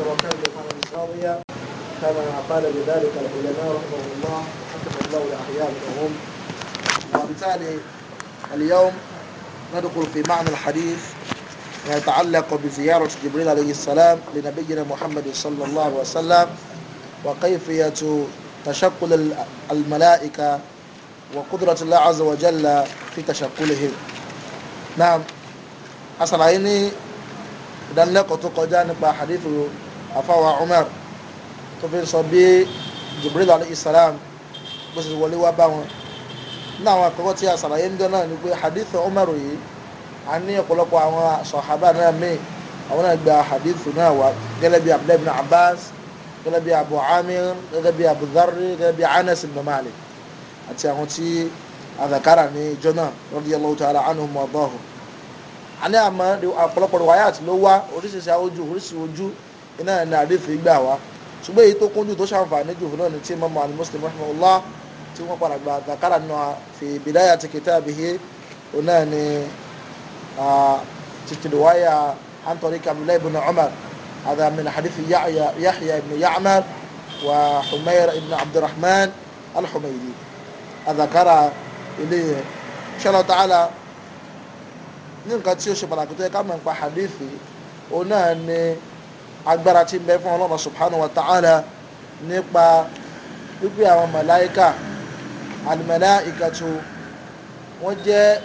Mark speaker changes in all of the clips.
Speaker 1: وكانت ساضية كما قال بذلك العلماء رحمهم الله حكم الله لأحيائهم وبالتالي اليوم ندخل في معنى الحديث يتعلق بزيارة جبريل عليه السلام لنبينا محمد صلى الله عليه وسلم وكيفية تشكل الملائكة وقدرة الله عز وجل في تشكلهم نعم أصلا إني دلقت قدان بحديث afáwa Umar tó fi ń sọ bí Jibril alayhi salam bó ṣe wọlé wá bá wọn ní àwọn àkọ́kọ́ tí a ṣàlàyé ń jọ náà ni pé hadith Umar yìí a ní ọ̀pọ̀lọpọ̀ àwọn sọ̀hábà náà míì àwọn náà gba hadith náà wá gẹ́lẹ́ bí Abdullahi ibn Abbas gẹ́lẹ́ bí Abu Amir gẹ́lẹ́ bí Abu Dharri gẹ́lẹ́ bí Anas ibn Malik àti àwọn tí àdàkárà ní ìjọ náà radiyallahu ta'ala anhum wa adahum. a ní àmọ́ ọ̀pọ̀lọpọ̀ wáyà àti ló wá oríṣiríṣi ojú oríṣiríṣi ojú iná ní àdéfì gbà wá ṣùgbọ́n èyí tó kúnjú tó ṣàǹfààní jù fún náà ní tí mọ́mọ́ àni Muslim rahimahullah tí wọ́n padà gba zakara nù fi bidayati kitabihi òun náà ní tìtìlúwáyà an tariq Abdullah ibn Umar هذا من حديث يحيى يحيى بن يعمر وحمير بن عبد الرحمن الحميدي ذكر إليه إن شاء الله تعالى نلقى تشيوش ملاكتوية كما نقع حديثي agbára tí ń bẹ fún ọlọ́run subhanahu wa ta'ala nípa pípé àwọn màláìka al-mala'ikatu wọ́n jẹ́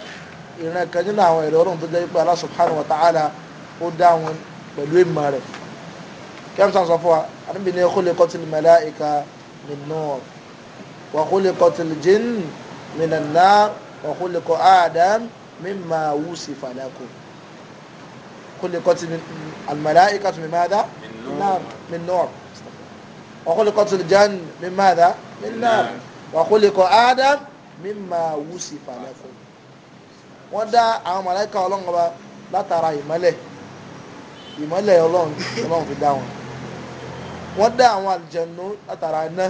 Speaker 1: ìran kan nínú àwọn ẹ̀rọ ọlọ́run tó jẹ́ pé Allah subhanahu wa ta'ala ó dá wọn pẹ̀lú ìmọ̀ rẹ̀ kẹ́mísà sọ fún wa àníbi ní khuliqatil mala'ika min nur wa khuliqatil jinn minan nar wa khuliqa Adam mimma wusifa lakum. خلقت الملائكة من ماذا؟ من نار من نار وخلقت الجن من ماذا؟ من نار وخلق آدم مما وصف لكم wọ́n dá àwọn màláíkà ọlọ́run ọba látara ìmọ́lẹ̀ ìmọ́lẹ̀ ọlọ́run ọlọ́run fi dá wọn wọ́n dá àwọn àlùjànnú látara iná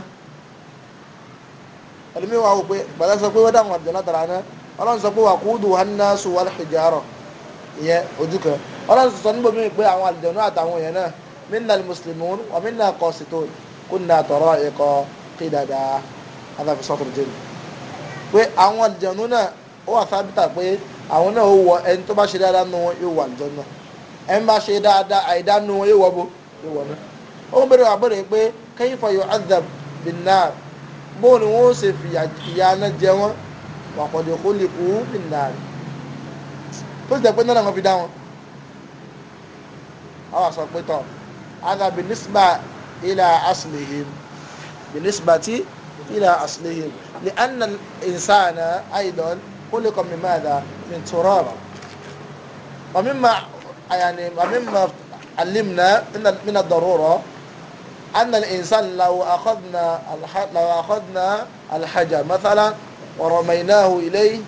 Speaker 1: ẹlòmíràn wà wò pé gbàdá sọ pé wọ́n dá àwọn àlùjànnú látara iná ọlọ́run sọ pé wà kúndùn wọn náà sùn wal hijara ìyẹn ojú kan ọlọ́run sọ níbo mi pé àwọn àlùjọ̀nú àtàwọn èèyàn náà minna muslimun wa minna qasitun kunna tara'iqa qidada adáfi sọ́tò jẹ́ mi. pé àwọn àlùjọ̀nú náà ó wà sábìtà pé àwọn náà ó wọ ẹni tó bá ṣe dáadáa nù wọn yóò wọ àlùjọ̀nú náà ẹni bá ṣe dáadáa àìdá nù wọn yóò wọ bó yóò wọ náà. ó ń bèrè àbúrò pé kayfa yu'adhab bin-nar bóun ni wọ́n ó ṣe fìyà náà jẹ wọ́n wàkọ̀dẹ̀kọ́ lè kú bin-nar tó sì pé náírà wọn fi dá wọn. àwọn àṣọ pé tán ada binisba ila aslihim binisbati ila aslihim li anna insana aidan khuliqa min madha min turaba wa mimma يعني ومما علمنا من من الضروره ان الانسان لو اخذنا لو اخذنا الحجر مثلا ورميناه اليه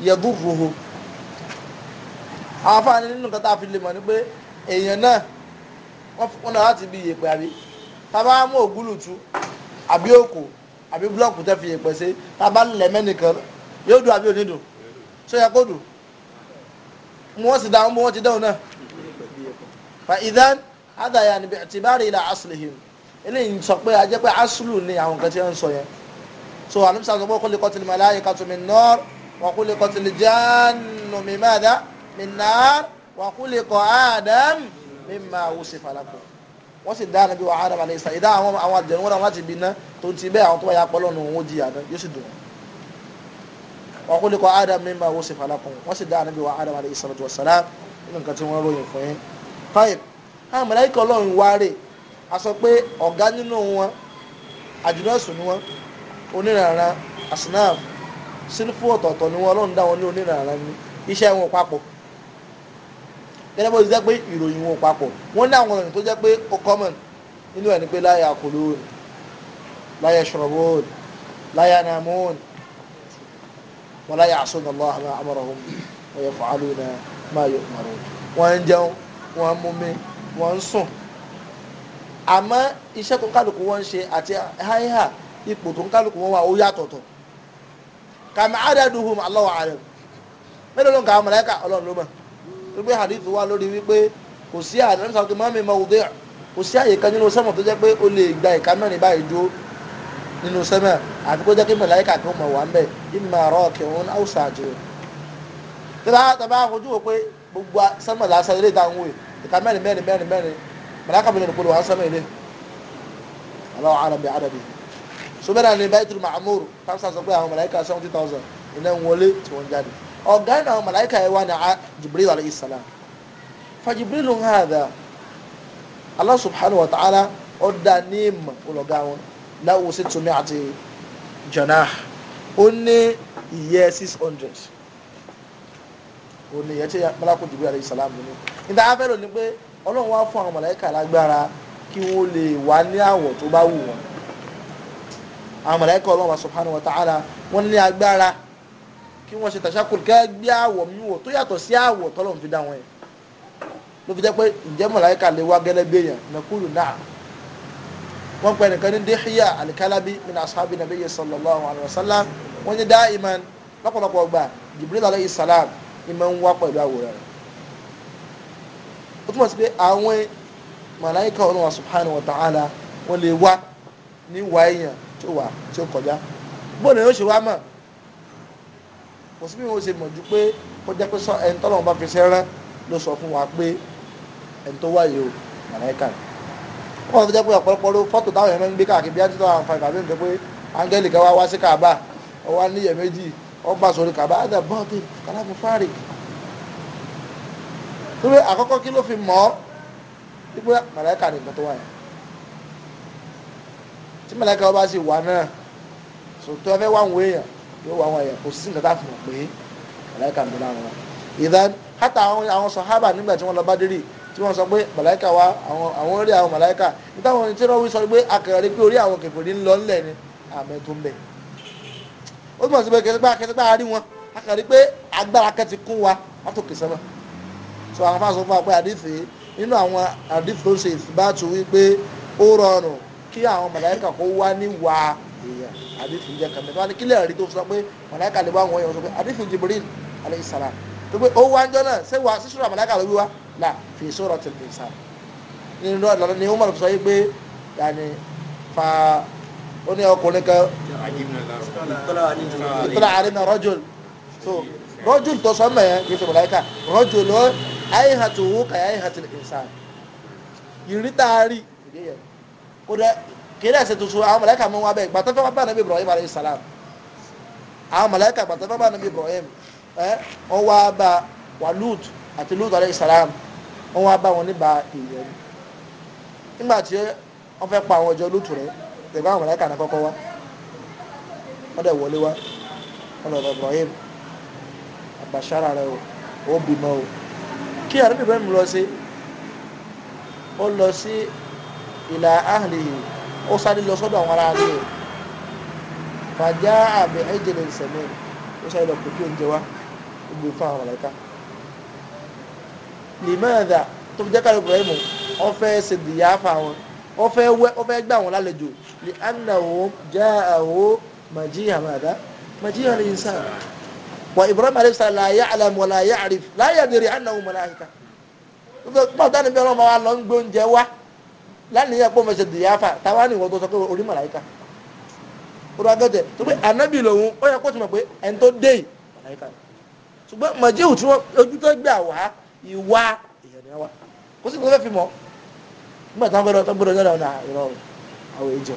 Speaker 1: يضره àwọn afáàní nínú nǹkan tá a fi lè mọ̀ ni pé èèyàn náà wọ́n náà láti bí iyèpẹ̀ àbí tábà mú ògúlùtú àbí òkò àbí búlọ́ọ̀kù tẹ́ fi iyèpẹ̀ ṣe tábà lẹ̀ mẹ́nìkan yóò dùn àbí onídùn ṣó yẹ kó dùn mú wọ́n sì dáhùn mú wọ́n ti dáhùn náà. fa idan adaya ni bi tibari ila aslihim eléyìí sọ pé a pé aslu ni àwọn nǹkan tí wọ́n sọ yẹn so alimisa sọ pé kó lè kọ́ tìlímọ̀ láyé kàtúmí nọ́ọ̀rù wọ́n kó lè kọ́ tìlí mi máa dá min nar wa khuliqa adam mimma wusifa lakum wọ́n sì dá anabi wa adam alayhi salam ìdá àwọn àwọn àjẹnú wọn láti bí iná tó ti bẹ́ẹ̀ àwọn tó bá yà pọ́ lọ́nà òun ó yóò sì dùn wọn. wa khuliqa adam mimma wusifa lakum wọ́n sì dá anabi wa adam alayhi salatu wa salam nínú nǹkan tí wọ́n ròyìn fún yín. five àwọn màláíkà ọlọ́run wáre a pé ọ̀gá nínú wọn àjùlọ ẹ̀sùn wọn onírànran asnaf sílífù ọ̀tọ̀ọ̀tọ̀ ni wọn ọlọ́run dá wọn ní onírànran ni iṣẹ́ wọn papọ̀ gẹ́gẹ́ bó ti jẹ́ pé ìròyìn wọn papọ̀ wọ́n ní àwọn ìròyìn tó jẹ́ pé ó common nínú ẹ̀ ni pé láyà kulun láyà yashrabun láyà yanamun wala ya'suna Allaha ma amarahum wa yaf'aluna ma yu'marun wọ́n ń jẹun wọ́n ń mumi wọ́n ń sùn àmọ́ iṣẹ́ tó kálukú wọn ń ṣe àti háíhà ipò tó kálukú wọn wà ó yàtọ̀tọ̀ kàmi adaduhum Allahu a'lam mélòó ló wípé hadith wà lórí wípé kò sí àdéhùn sàkóso mọ́mí mọ́ òde kò sí àyè kan nínú sẹ́mọ̀ tó jẹ́ pé o lè gba ìka mẹ́rin báyìí dúró nínú sẹ́mọ̀ àti kó jẹ́ kí màláíkà kan mọ̀ wá ń bẹ̀ ìmọ̀ ọ̀rọ̀ kìrún áwùsà àjò. tẹ́lá tàbá ojú wo pé gbogbo sẹ́mọ̀ lásán ilé ìdáhùn wò ìka mẹ́rin mẹ́rin mẹ́rin mẹ́rin màláíkà mi lè kó lè wá sẹ́mọ̀ ilé. Allahu a'lam bi adadi. sọ́mẹ́rà ni Baitul Ma'mur táwọn sàṣọ pé àwọn màláíkà seventy thousand iná ń wọlé tí wọ́n ọ̀gá ẹ̀ náà màláìka ẹ̀ wá ní Jibril alayhi salam fa Jibril hadha Allah subhanahu wa ta'ala ọ̀dà ní ìmọ̀ ọlọ́gá wọn láwùú sí tumi àti janah ó ní ìyẹ́ six hundred ó ní ìyẹ́ tí malako Jibril alayhi salam ní. níta abẹ́rẹ́ ni pé ọlọ́run wá fún àwọn màláìka lágbára kí wọ́n lè wá ní àwọ̀ tó bá wù wọ́n àwọn màláìka ọlọ́run subhanahu wa ta'ala wọ́n ní agbára kí wọ́n ṣe tàṣàkùn ká gbé àwọ̀ mi wọ̀ tó yàtọ̀ sí àwọ̀ tọ́lọ́run fi dá wọn yẹn ló fi jẹ́ pé ǹjẹ́ mọ̀láyíkà lè wá gẹ́lẹ́ bí èèyàn nàkúlù náà wọ́n pẹ́ nìkan ní dèhíyà alikalabi min ashabi nabiyyi sallallahu alayhi wa sallam wọ́n ní dá iman lọ́pọ̀lọpọ̀ gbà jibril alayhi salam iman wá pẹ̀lú àwòrán rẹ̀ ó ó ṣe wá mọ̀ kò sí bí wọn ṣe mọ̀ ju pé kó jẹ́ pé ẹni tọ́lọ́ wọn bá fi sẹ́rẹ́ ló sọ fún wa pé ẹni tó wáyé o màláìka ni wọn tó jẹ́ pé ọ̀pọ̀lọpọ̀ ló fọ́tò táwọn èèyàn máa ń gbé káàkiri bí ẹ́ńtítọ́ àwọn fàìfà bí nǹkan pé áńgẹ́lì kan wá wá sí kàbá ó wá níyẹ̀ méjì ó gbà sórí kàbá ẹ̀dá bọ́ọ̀tì kàláfù fáàrì torí àkọ́kọ́ kí ló fi mọ̀ ọ́ wípé màláìka ni nǹkan tó wáyé tí yóò wá àwọn èèyàn kò sí nǹkan tá a fi mọ̀ pé màláìka ń bẹ lára wọn ìdán hátà àwọn sọ̀hábà nígbà tí wọ́n lọ bá dérì tí wọ́n sọ pé màláìka wa àwọn rí àwọn màláìka nítawọn tí wọ́n sọ pé akẹrẹ pé orí àwọn kẹfẹ́ ń lọ ńlẹ̀ ni àmẹ́ tó ń bẹ̀ ó túmọ̀ sí pé kẹsígbà kẹsígbà rí wọn akẹrẹ pé agbára kẹ ti kún wa látò kẹsẹ́mọ̀ so àwọn afáàsọ fún wa pé àdìsí nínú àwọn àdìsí tó ń ṣe ìsìbáàtú wípé ó rọrùn kí àwọn màláìka kó wá níwàá èèyàn àdìsí jẹ́ nǹkan mẹ́ta wọ́n ní kílẹ̀ rí tó sọ pé màláìka lè wá àwọn èèyàn sọ pé àdìsí Jibril alayhi salam tó pé ó wá ń jọ náà ṣé wàá sí sura màláìka ló wí wá là fi suratil insan nínú ọ̀nà ni Umar sọ yìí pé yàní fa ó ní ọkùnrin kan ìtura àrínà rajul so rajul tó sọ mẹ́yẹn kì í ṣe màláìka rajul ló ayéhàtò wó kàyà ayéhàtò insan ìrítàárì kiri ẹsẹ tuntun àwọn mọlẹka mú wa bẹ gbàtà fẹ bá nàbí ibrahim alayhi salam àwọn mọlẹka bá ibrahim ẹ wọn wá bá wà àti lut alayhi salam wọn wá bá wọn níbà ìyẹn nígbà tí wọn fẹ pa àwọn ọjọ lut rẹ tẹgbẹ àwọn náà kọ́kọ́ wọn dẹ wọlé wa wọn ibrahim rẹ o ó o kí lọ sí ó lọ sí ó sáré lọ sọ́dọ̀ àwọn ará rẹ̀ fàjá àbẹ̀ ẹ̀jẹ̀lẹ̀ ìsẹ̀mẹ̀ ó sáré lọ pè kí oúnjẹ wá gbogbo fún àwọn mọ̀lẹ́ka lèmọ́ọ̀dà tó fi jẹ́ káàdì Ibrahim ó fẹ́ ṣe dìyà fún àwọn ó fẹ́ wẹ́ ó fẹ́ gbà àwọn lálejò lè ànà òun já àwò màjíhà màdá màjíhà lè sá wà Ibrahim alayhi sàlá ya'lam wala ya'rif láyà dèrè ànà òun mọ̀lẹ́ka pàtàkì bí ọlọ́mọ wa lọ láti yẹ kó mo ṣe dìyàfà táwa ni ìwọ tó sọ pé orí màláyíká orí agẹ́tẹ̀ tó pé ànábì lòun ó yẹ kó ti mọ̀ pé ẹni tó dé màláyíká ni ṣùgbọ́n màjíwù tí wọ́n ojú tó gbà wá ìwà èèyàn ni wá kó sì tó fẹ́ fi mọ́ nígbà táwọn gbọdọ̀ tó gbọdọ̀ yọ̀dọ̀ ọ̀nà ah, ìrọ̀ àwọn èjọ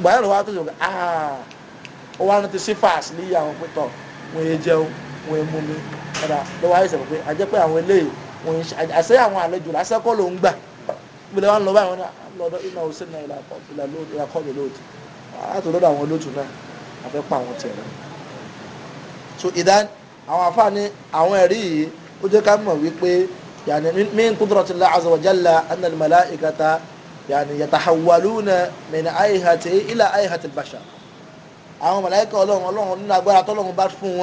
Speaker 1: gbà yẹn lọ wá tó sọ pé ah, ó wá ní ti sí fàásì ní àwọn pẹ̀tọ̀ wọn èé jẹun wọn èé mú mi padà lọ́wọ́ àyẹ̀sẹ̀ gbẹdẹ wọn lọ báyìí wọn ní lọ́dọ̀ iná ọsẹ náà ìlà kọmi lóòtù láti lọ́dọ̀ àwọn olóòtú náà àfẹ pa àwọn tiẹ̀ náà so ìdá àwọn afáàní àwọn ẹ̀rí yìí ó jẹ́ ká mọ̀ wípé yàní min qudrati Allah azza wa jalla anna al-malaikata yàní yatahawwaluna min ayhati ila ayhati al-bashar àwọn màláíkà Ọlọ́run Ọlọ́run nínú agbára tọ́lọ́run bá fún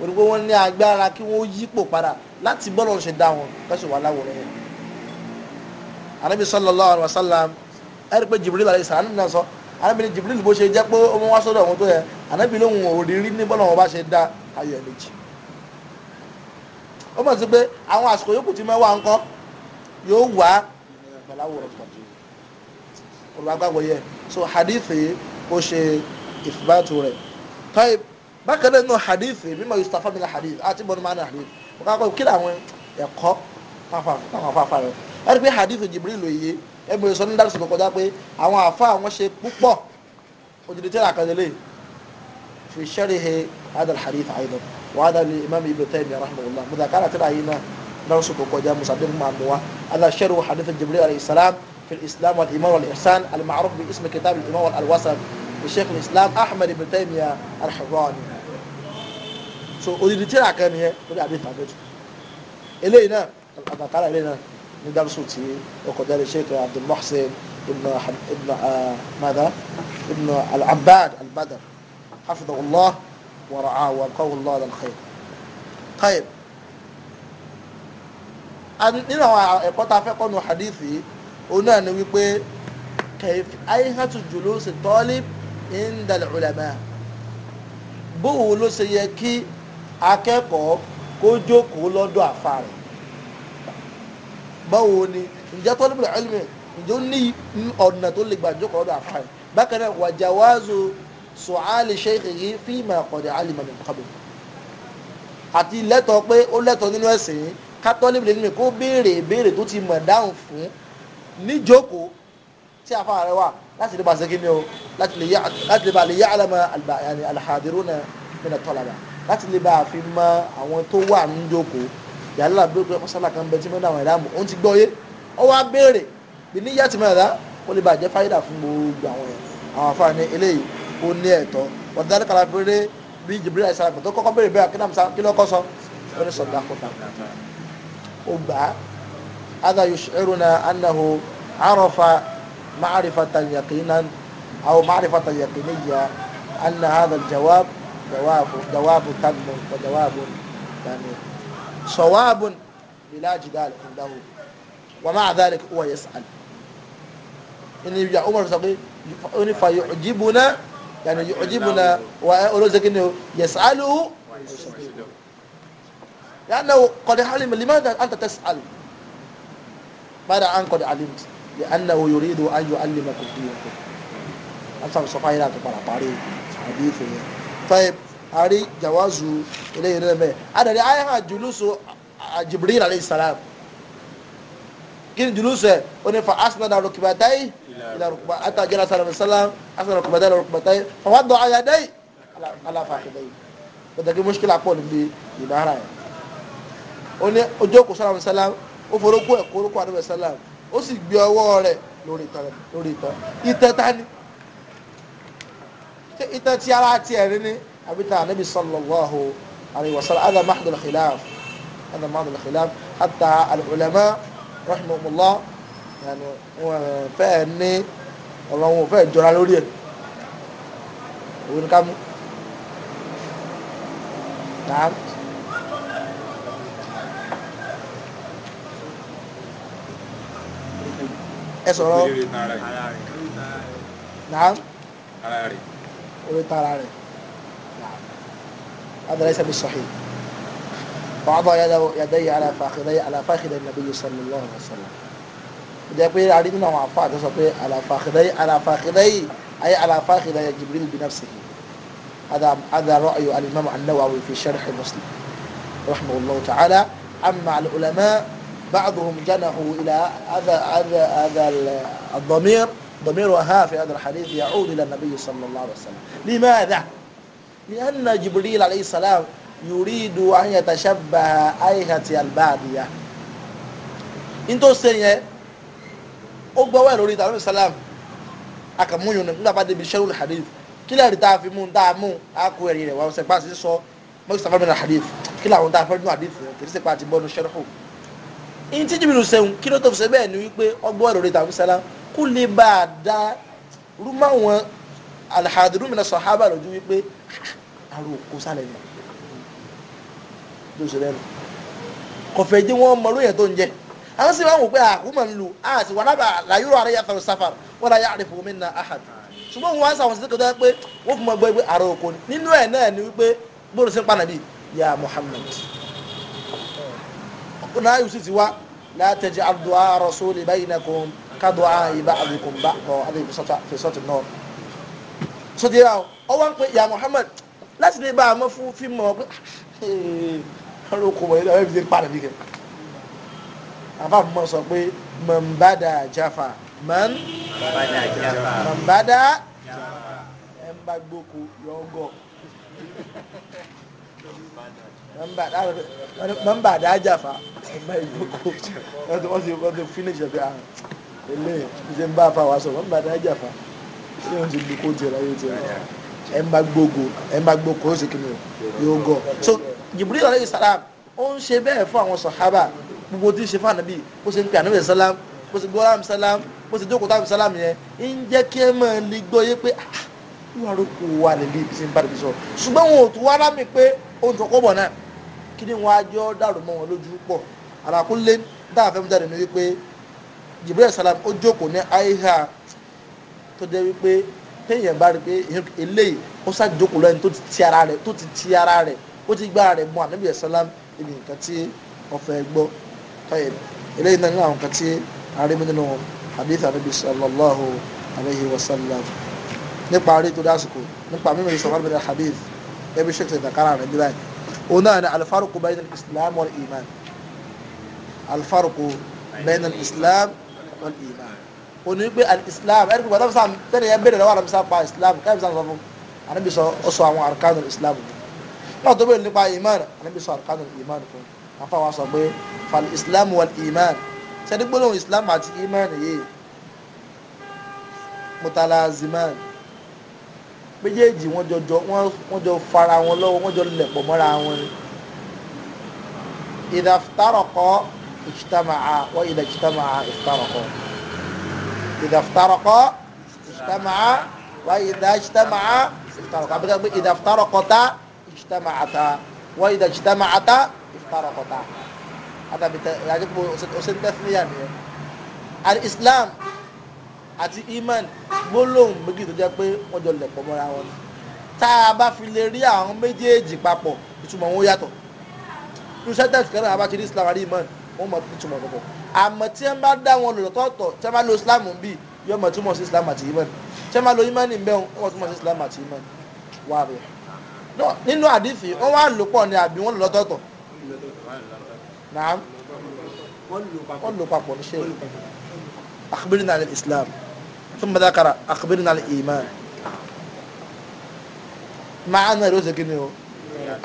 Speaker 1: wọn wọ́n ní agbára kí wọ́n yípo padà láti bọ́lọ̀ ṣe dá wọn kẹ́sì wà láwòrán anabi sallallahu alayhi wa sallam ẹ̀rí pé jibril alayhi sallam náà sọ anabi ni jibril bó ṣe jẹ́ pé ó mú wá sọ́dọ̀ òun tó yẹ anabi lóhùn òrìrí ní bọ́lá wọn bá ṣe dá ayọ̀ méjì ó mọ̀ sí pé àwọn àsìkò yòókù tí mẹ́wàá ń kọ́ yóò wá pẹ̀láwòrán pọ̀jù olùwàgbàgbọ́ yẹ so hadithi ó ṣe ìfibàtú rẹ̀ tọ́yì bákan náà nù hadithi mímọ yusufa mi na hadith àti bọ́ni máa na hadith wọ́n kọ́ kí làwọn ẹni pé hadith Jibril lòye ẹ bẹ̀rẹ̀ sọ ní dárúsù tó kọjá pé àwọn àfa àwọn ṣe púpọ̀ òjòdì tẹ́lẹ̀ àkàndínlẹ̀ fi sharhi hadha al-hadith àyìnbó wàá dàbí imam ibn Taymiyyah rahimahullah mudakara tẹ́lẹ̀ àyìn náà dárúsù tó kọjá musadé mu àmì wa ala sharhi hadith Jibril alayhi salam في الإسلام والإيمان والإحسان المعروف باسم كتاب الإيمان والألوسن لشيخ الإسلام أحمد بن تيمية الحراني so odidi tí a kàn ní yẹn lórí àdéhùn àgbẹ̀tù eléyìí náà àtàkárà eléyìí náà ní dárúsù tí ó kọjá lè Sheikh Abdul Muhsin ibn ibn mada ibn al-Abbad al-Badr hafidhahullah wa ra'ah wa qawullah al-khair. tayyib nínú àwọn ẹ̀kọ́ tá a fẹ́ kọ́ nu hadithi òun náà ni wípé kẹfì ayéhàtú julusi talib indal ulama bóun ló ṣe yẹ kí akẹ́kọ̀ọ́ kó jókòó lọ́dọ̀ àfa báwo ni ǹjẹ́ tọ́lùbùlù ẹlẹ́mì ǹjẹ́ ó ní ọ̀nà tó lè gbàjókòó ọ̀dọ̀ àfa yìí bákan náà wà jawazu su'ali shaykhihi fima qad alima min qabl àti lẹ́tọ̀ọ́ pé ó lẹ́tọ̀ọ́ nínú ẹ̀sìn yìí ká tọ́lùbùlù ẹlẹ́mì kó béèrè ìbéèrè tó ti mọ̀ dáhùn fún níjókòó tí àfa rẹ wà láti lè ba ṣe kíni o láti lè ba lè ya'lama al-hadiruna min at-talaba láti yàrá làbí pé mọ́sálà kan bẹ tí mo ń dà wọ́n ẹ̀dá mọ̀ òun ti gbọ́ yé ọ wá béèrè bí ní yàtì mẹ́ta kó lè bàjẹ́ fáyidà fún gbogbo àwọn yẹn àwọn afáàní eléyìí ó ní ẹ̀tọ́ ọ̀dàdàn kàlà fèrè bí Jibril àìsàn àgbà tó kọ́kọ́ béèrè bẹ́ẹ̀ kí nàmsa kí ló kọ́ sọ ó ní sọ̀dà kọ́ta ó gbà á adà yushiruna annahu arafa ma'rifatan yaqinan aw ma'rifatan yaqiniyya anna hadha al-jawab jawabu jawabu wa jawabu tamim. صواب بلا جدال عنده ومع ذلك هو يسأل إن يجي عمر صغير فيعجبنا يعني يعجبنا ولذلك إنه يسأله لأنه قد علم لماذا أنت تسأل ماذا أن قد علمت لأنه يريد أن يعلمكم دينكم أنت سوف إلى تبارك حديثه طيب àrí jawazu eléyìí náà bẹ́ẹ̀ adàdé ayéhà jùlùsù jibril alayhi salam kí ni jùlùsù ẹ̀ ó ní fa asnada rukbatayi ila rukba atajara sallam sallam asnada rukbatayi ila rukbatayi fa wadda ayadayi aláfàkìdẹ́yì pàtàkì mọ́ṣíkìlà pọ̀ níbi ìbára ẹ̀ ó ní ojú òkú sálàmù sálàm ó forúkú ẹ̀ kórókó àdúgbò sálàm ó sì gbé ọwọ́ rẹ̀ lórí ìtàn lórí ìtàn ìtàn ta ni ìtàn ti ara ni أبي النبي صلى الله عليه وسلم هذا محض الخلاف هذا محض الخلاف حتى العلماء رحمهم الله يعني wọ́n fẹ́ ní ọ̀rọ̀ wọn fẹ́ jọra lórí ẹ̀ òwe ni ká نعم lori نعم على owe ẹ sọ̀rọ̀ náà orí tara rẹ̀. هذا ليس بالصحيح وضع يدي يديه على فاخذي على فاخذ النبي صلى الله عليه وسلم بدي أقول عديد من عفاء تستطيع على فاخذي على فاخذي أي على فاخذي جبريل بنفسه هذا هذا رأي الإمام النووي في شرح مسلم رحمه الله تعالى أما العلماء بعضهم جنحوا إلى هذا هذا هذا الضمير ضمير وها في هذا الحديث يعود إلى النبي صلى الله عليه وسلم لماذا؟ لأن جبريل عليه السلام يريد أن يتشبه أيهة البادية nítorí sẹ́yìn yẹn ó gbọ́wọ́ ẹ̀ lórí ìtàlọ́mì sálám akàmúyùn nígbà bá débi sẹ́rù hadith kí lẹ́rìí tá a fi mú un tá a mú un á kó ẹ̀rí rẹ̀ wá ọ̀sẹ̀ pa àti sọ mọ́kì sáfẹ́ mi nà hadith kí làwọn tá a fẹ́ nù hadith rẹ̀ kì í sì pa àti bọ́nu sẹ́rù. ìyìn tí aró kó sálẹ̀ ni ló ṣe lẹ́nu kọfẹ́ jẹ́ wọ́n mọ lóyè tó ń jẹ́ àwọn sì máa ń wò pé àkú máa ń lu àti wàhálà bá làyúrò àrẹ yàtọ̀ sáfà wọ́n la yà àrífò mi na ahad ṣùgbọ́n wọn wá sàwọn sí kọjá pé wọ́n fún ma gbọ́ pé aró ni nínú ẹ̀ náà ni wípé gbọ́dọ̀ sí pa nàbí ya Muhammad ọkùnrin ayé sì ti wá látẹ̀jẹ̀ àdúà rasuli bainakum kádùá ibà àdìkùn bá bọ̀ àdìkùn sọ́tì náà sọ́tì yà ó ọwọ́ ń pe ya Muhammad láti lè bá a mọ́ fún fíìmù ọ̀gbìn ọ̀rọ̀ okò wọ̀nyí lọ́wọ́ ìfìdí padà bí kẹ́ àbá mọ̀ sọ pé mọ̀nbádà jáfà mọ̀nbádà ẹ̀ ń bá gbóko yọ̀ọ́gọ̀ mọ̀nbádà jáfà ẹ̀ ń bá gbóko wọ́n ti wọ́n ti finish ẹ̀ bí i ẹ̀lẹ́ ìṣe ń bá a fa wàásù mọ̀nbádà jáfà ẹ̀ ń ti gbóko tiẹ̀ láyé tiẹ̀ náà ẹ ń bá gbógo ẹ ń bá gbóko ó sì kí yóò gọ so Jibril alayhi salam ó ń ṣe bẹ́ẹ̀ fún àwọn sàhábà gbogbo tí ń ṣe fún ànábì bó ṣe ń pè ànábì sálám bó ṣe gbọ́dọ̀ àmì sálám bó ṣe jókòó táàmì sálám yẹn ń jẹ́ kí ẹ máa lè gbọ́ yé pé yóò arọ kó wa lè ibi tí ń bá ibi sọ ṣùgbọ́n wọn ò tún wá rámi pé ohun tó kọ́ bọ̀ náà kí ni wọn á jọ dàrú mọ́ wọn lójú pọ̀ àràkúnlé dáhà fẹ́ mú jáde ní wípé Jibril alayhi salam ó jókòó ní àyíká tó jẹ́ wípé téèyàn bá rí pé eléyìí ó ṣàjókòó lẹ́yìn tó ti ti ara rẹ̀ tó ti ti ara rẹ̀ ó ti gbá rẹ̀ mọ́ ànábì ẹ̀sálám ibi nǹkan tí ọ̀fẹ́ gbọ́ tọ́yẹ̀ eléyìí náà ní àwọn nǹkan tí arí mi nínú hadith ànábì sallallahu alayhi wa sallam nípa arí tó dásìkò nípa mímọ ìsọfà lóbi hadith ẹbí ṣe ti rẹ̀ bí báyìí náà ni alfarku bayna islam wal iman alfarku bayna islam wal iman òní pé islam ẹni pípa tẹ́lifísà tẹ́lẹ̀ yẹn béèrè lọ́wọ́ àrẹ́bísà pa islam tẹ́lifísà sọ fún àrẹ́bí sọ ó sọ àwọn arkanu islam fún náà tó béèrè nípa iman àrẹ́bí sọ arkanu iman fún afa wa sọ pé fal islam wal iman sẹ́ni gbólóhùn islam àti iman yìí mutalaziman méjèèjì wọ́n jọ jọ wọ́n jọ fara wọn lọ́wọ́ wọ́n jọ lẹ̀pọ̀ mọ́ra wọn ni ìdàfitárọ̀kọ́ ìjìtàmà wa ìdàjìtàmà إذا افترق اجتمع وإذا اجتمع افترق إذا افترقتا اجتمعتا وإذا اجتمعتا افترقتا هذا يعجبه أسن تثنيا يعني. الإسلام àti iman gbólóhùn méjì tó jẹ́ pé wọ́n jọ lẹ̀ pọ̀ mọ́ra wọn tá a bá fi lè rí àwọn méjèèjì papọ̀ ìtumọ̀ wọn yàtọ̀ irú sẹ́tẹ̀sì kan islam àrí iman wọ́n mọ̀ ní túmọ̀ kọ̀kọ̀ àmọ́ tí wọ́n bá dá wọn lọ́tọ̀ọ̀tọ̀ tí wọ́n bá lo islam bí yóò mọ̀ túmọ̀ sí islam àti iman tí wọ́n bá lo iman ní bẹ́ẹ̀ wọ́n túmọ̀ sí islam àti iman wà rẹ̀ nínú àdìsí wọ́n wá lò pọ̀ ní àbí wọ́n lò lọ́tọ̀ọ̀tọ̀ naam lò papọ̀ ní sẹ́yìn akhbirna al islam thumma dhakara akhbirna al iman maana ló ṣe kí ni o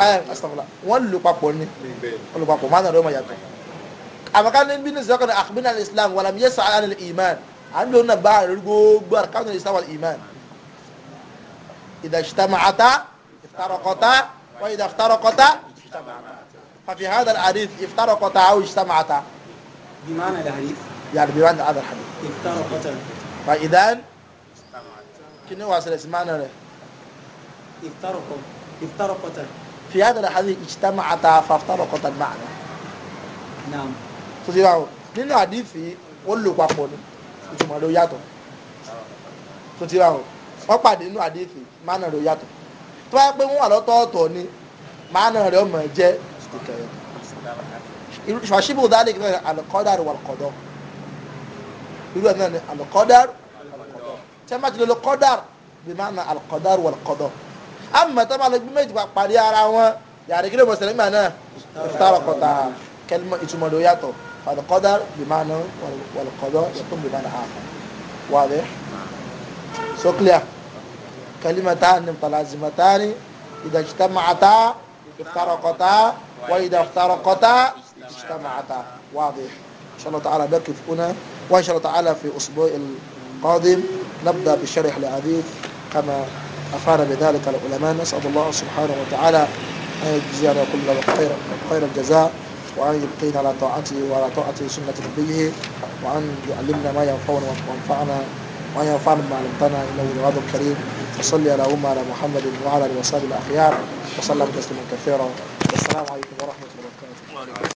Speaker 1: ẹ asàmùlà wọ́n lò papọ̀ ní wọ́n lò papọ̀ ló ma yàtọ̀. àmọ́ ká ní bí ní sọ́kàn àkùnbínà islam wàlám yẹ sàá àlẹ́ iman à ń bá iman wà ففي هذا الحديث افترقتا او اجتمعتا بمعنى الحديث يعني بمعنى هذا الحديث فاذا في هذا الحديث اجتمعتا فافترقتا المعنى نعم tó ti báwọn nínú àdìfí ó lò papọ̀ ni ìtumọ̀ ló yàtọ̀ tó ti báwọn wọ́n pàdé nínú àdìfí mánà ló yàtọ̀ tó bá yẹ pé wọ́n wà lọ́tọ̀ọ̀tọ̀ ni mánà rẹ̀ ọmọ jẹ́ ìkẹyọ̀ ìṣàṣìbò dálé kí náà alùkọ́dàrú wà lùkọ́dọ̀ irú ẹ̀ náà ni alùkọ́dàrú alùkọ́dọ̀ tí a máa ti lè lo kọ́dàrú bí máa na alùkọ́dàrú wà lùkọ́dọ̀ lọ bí méjì pàdé ara wọn yàrá kí ló mọ̀ sẹ́lẹ̀ mọ̀ náà ìfitárọ̀kọ̀tà kẹlẹ́mọ̀ ìtumọ̀ ló القدر بمعنى والقضاء يكون بمعنى آخر واضح؟ سوكليا كلمتان متلازمتان إذا اجتمعتا افترقتا وإذا افترقتا اجتمعتا واضح إن شاء الله تعالى بكف هنا وإن شاء الله تعالى في الأسبوع القادم نبدأ بشرح الحديث كما أفار بذلك العلماء نسأل الله سبحانه وتعالى أن يجزينا كل خير خير الجزاء وأن يبقينا على طاعته وعلى طاعة سنة نبيه وأن يعلمنا ما ينفعنا وينفعنا وأن ينفعنا ما علمتنا إنه جواد كريم وصلي على أمة على محمد وعلى آله وصحبه الأخيار وسلم تسليما كثيرا والسلام عليكم ورحمة الله وبركاته